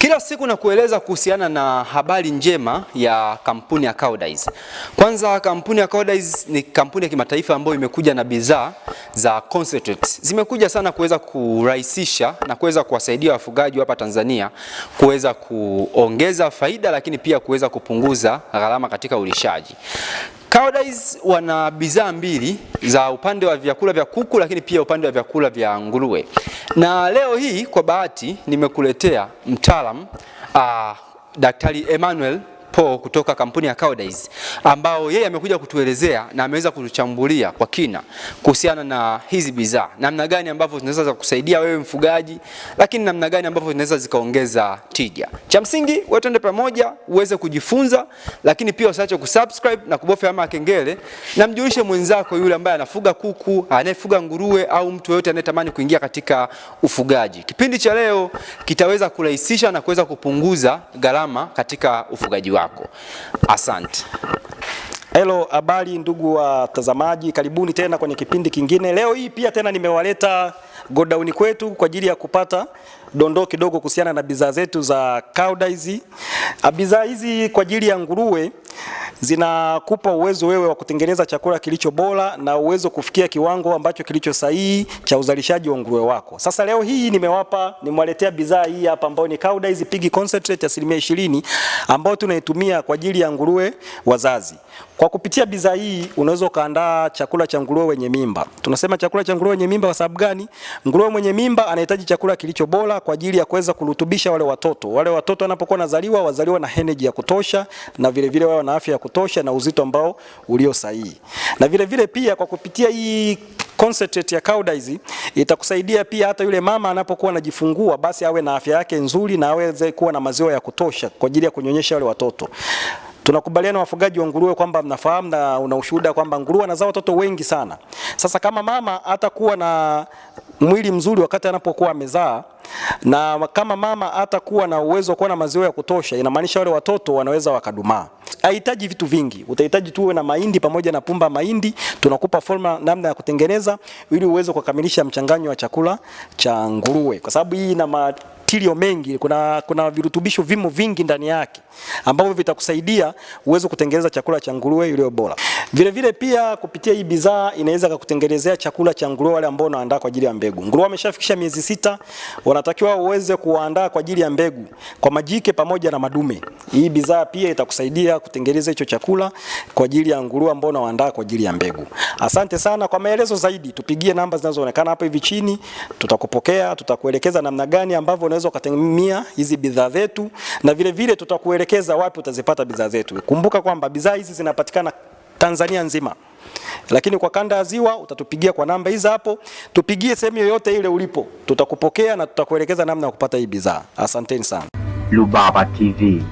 Kila siku na kueleza kuhusiana na habari njema ya kampuni ya Koudijs. Kwanza, kampuni ya Koudijs ni kampuni ya kimataifa ambayo imekuja na bidhaa za concentrates. Zimekuja sana kuweza kurahisisha na kuweza kuwasaidia wafugaji hapa Tanzania kuweza kuongeza faida, lakini pia kuweza kupunguza gharama katika ulishaji. Koudijs wana bidhaa mbili za upande wa vyakula vya kuku, lakini pia upande wa vyakula vya nguruwe, na leo hii kwa bahati nimekuletea mtaalam ah, Daktari Emmanuel Paul kutoka kampuni ya Koudijs, ambao yeye amekuja kutuelezea na ameweza kutuchambulia kwa kina kuhusiana na hizi bidhaa, namna gani ambavyo zinaweza kusaidia wewe mfugaji, lakini namna gani ambavyo zinaweza zikaongeza tija. Cha msingi wewe, twende pamoja uweze kujifunza, lakini pia usiache kusubscribe na kubofya alama ya kengele, na mjulishe mwenzako yule ambaye anafuga kuku, anayefuga nguruwe, au mtu yeyote anayetamani kuingia katika ufugaji. Kipindi cha leo kitaweza kurahisisha na kuweza kupunguza gharama katika ufugaji wako lako. Asante. Hello, habari ndugu watazamaji, karibuni tena kwenye kipindi kingine. Leo hii pia tena nimewaleta godauni kwetu kwa ajili ya kupata dondoo kidogo kuhusiana na bidhaa zetu za Koudijs. Ah, bidhaa hizi kwa ajili ya nguruwe zinakupa uwezo wewe wa kutengeneza chakula kilicho bora na uwezo kufikia kiwango ambacho kilicho sahihi cha uzalishaji wa nguruwe wako. Sasa leo hii nimewapa, nimewaletea bidhaa hii hapa ambayo ni Cowdice Pig Concentrate asilimia 20 ambayo tunaitumia kwa ajili ya nguruwe wazazi. Kwa kupitia bidhaa hii unaweza ukaandaa chakula cha nguruwe wenye mimba. Tunasema chakula cha nguruwe wenye mimba kwa sababu gani? Nguruwe mwenye mimba anahitaji chakula kilicho bora kwa ajili ya kuweza kurutubisha wale watoto. Wale watoto wanapokuwa wanazaliwa wazaliwa na energy ya kutosha na vile vile wao na afya ya kutosha kutosha na uzito ambao ulio sahihi. Na vile vile pia kwa kupitia hii concentrate ya cowdice itakusaidia pia hata yule mama anapokuwa anajifungua basi awe na afya yake nzuri na aweze kuwa na maziwa ya kutosha kwa ajili ya kunyonyesha wale watoto. Tunakubaliana wafugaji wa nguruwe kwamba mnafahamu na una ushuhuda kwamba nguruwe anazaa watoto wengi sana. Sasa kama mama hatakuwa na mwili mzuri wakati anapokuwa amezaa, na kama mama hatakuwa na uwezo wa kuwa na maziwa ya kutosha, inamaanisha wale watoto wanaweza wakadumaa. Hahitaji vitu vingi, utahitaji tuwe na mahindi pamoja na pumba mahindi. Tunakupa formula namna ya kutengeneza ili uweze kukamilisha mchanganyo wa chakula cha nguruwe, kwa sababu hii ina material mengi, kuna, kuna virutubisho vimo vingi ndani yake ambavyo vitakusaidia uweze kutengeneza chakula cha nguruwe iliyo bora. Vile vile pia kupitia hii bidhaa inaweza kukutengenezea chakula cha nguruwe wale ambao unaandaa kwa ajili ya mbegu. Nguruwe ameshafikisha miezi sita, wanatakiwa uweze kuandaa kwa ajili ya mbegu kwa majike pamoja na madume. Hii bidhaa pia itakusaidia kutengeneza hicho chakula kwa ajili ya nguruwe ambao unaandaa kwa ajili ya mbegu. Asante sana kwa maelezo zaidi, tupigie namba zinazoonekana hapa hivi chini, tutakupokea, tutakuelekeza namna gani ambavyo unaweza ukategemea hizi bidhaa zetu, na vile vile tutakuelekeza wapi utazipata bidhaa zetu. Kumbuka kwamba bidhaa hizi zinapatikana Tanzania nzima, lakini kwa kanda ya Ziwa utatupigia kwa namba hizi hapo, tupigie sehemu yoyote ile ulipo, tutakupokea na tutakuelekeza namna ya kupata hii bidhaa. Asanteni sana. Lubaba TV.